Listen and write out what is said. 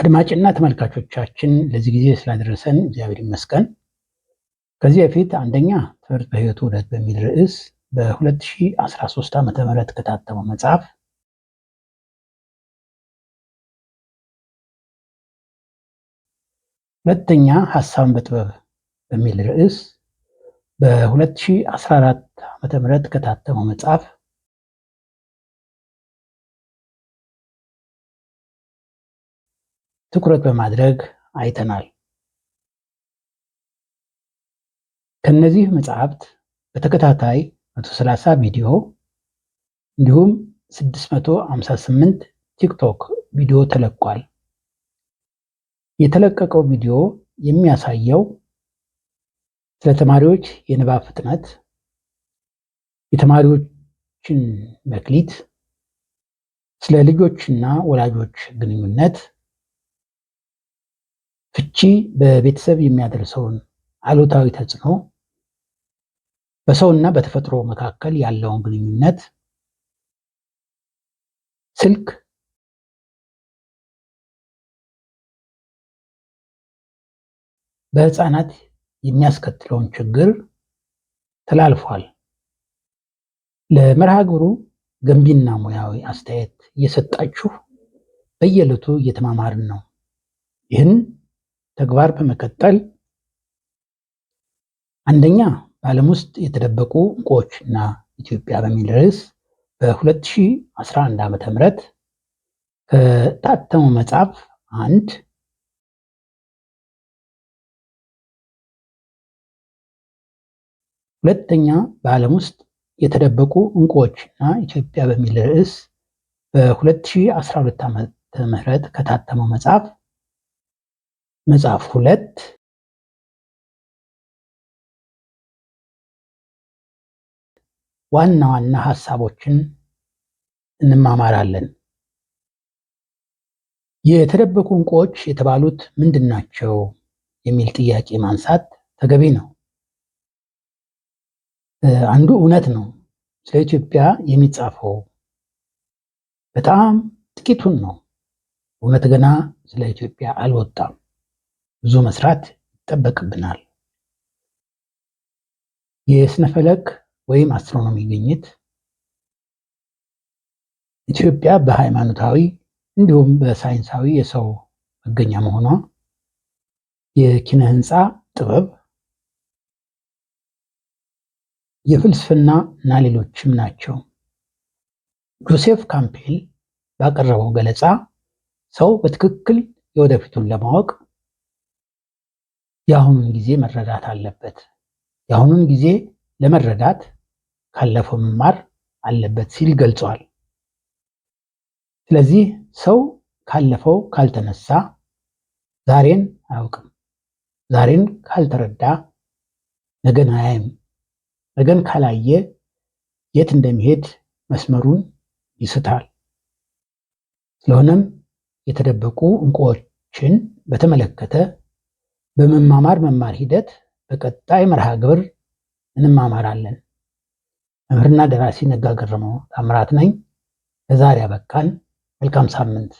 አድማጭና ተመልካቾቻችን ለዚህ ጊዜ ስላደረሰን እግዚአብሔር ይመስገን። ከዚህ በፊት አንደኛ ትምህርት በህይወቱ ውለት በሚል ርዕስ በ2013 ዓ.ም ከታተመው መጽሐፍ ሁለተኛ ሀሳብን በጥበብ በሚል ርዕስ በ2014 ዓ.ም ከታተመው መጽሐፍ ትኩረት በማድረግ አይተናል። ከነዚህ መጽሐፍት በተከታታይ 130 ቪዲዮ እንዲሁም 658 ቲክቶክ ቪዲዮ ተለቋል። የተለቀቀው ቪዲዮ የሚያሳየው ስለ ተማሪዎች የንባብ ፍጥነት፣ የተማሪዎችን መክሊት፣ ስለ ልጆችና ወላጆች ግንኙነት ፍቺ በቤተሰብ የሚያደርሰውን አሉታዊ ተጽዕኖ፣ በሰውና በተፈጥሮ መካከል ያለውን ግንኙነት፣ ስልክ በህፃናት የሚያስከትለውን ችግር ተላልፏል። ለመርሃ ግብሩ ገንቢና ሙያዊ አስተያየት እየሰጣችሁ በየዕለቱ እየተማማርን ነው። ይህን ተግባር በመቀጠል አንደኛ በዓለም ውስጥ የተደበቁ ዕንቁዎች እና ኢትዮጵያ በሚል ርዕስ በ2011 ዓ ም ከታተሙ መጽሐፍ አንድ ሁለተኛ በዓለም ውስጥ የተደበቁ ዕንቁዎች እና ኢትዮጵያ በሚል ርዕስ በ2012 ዓ ም ከታተመው መጽሐፍ መጽሐፍ ሁለት ዋና ዋና ሀሳቦችን እንማማራለን። የተደበቁ እንቁዎች የተባሉት ምንድን ናቸው የሚል ጥያቄ ማንሳት ተገቢ ነው። አንዱ እውነት ነው። ስለ ኢትዮጵያ የሚጻፈው በጣም ጥቂቱን ነው። እውነት ገና ስለ ኢትዮጵያ አልወጣም። ብዙ መስራት ይጠበቅብናል። የስነፈለክ ወይም አስትሮኖሚ ግኝት ኢትዮጵያ በሃይማኖታዊ እንዲሁም በሳይንሳዊ የሰው መገኛ መሆኗ የኪነ ህንፃ ጥበብ የፍልስፍና እና ሌሎችም ናቸው። ጆሴፍ ካምፔል ባቀረበው ገለጻ ሰው በትክክል የወደፊቱን ለማወቅ የአሁኑን ጊዜ መረዳት አለበት። የአሁኑን ጊዜ ለመረዳት ካለፈው መማር አለበት ሲል ገልጿል። ስለዚህ ሰው ካለፈው ካልተነሳ ዛሬን አያውቅም። ዛሬን ካልተረዳ ነገን አያይም። ነገን ካላየ የት እንደሚሄድ መስመሩን ይስታል። ስለሆነም የተደበቁ እንቁዎችን በተመለከተ በመማማር መማር ሂደት በቀጣይ መርሃ ግብር እንማማራለን። መምህርና ደራሲ ነጋ ገረመው ታምራት ነኝ። ለዛሬ አበቃን። መልካም ሳምንት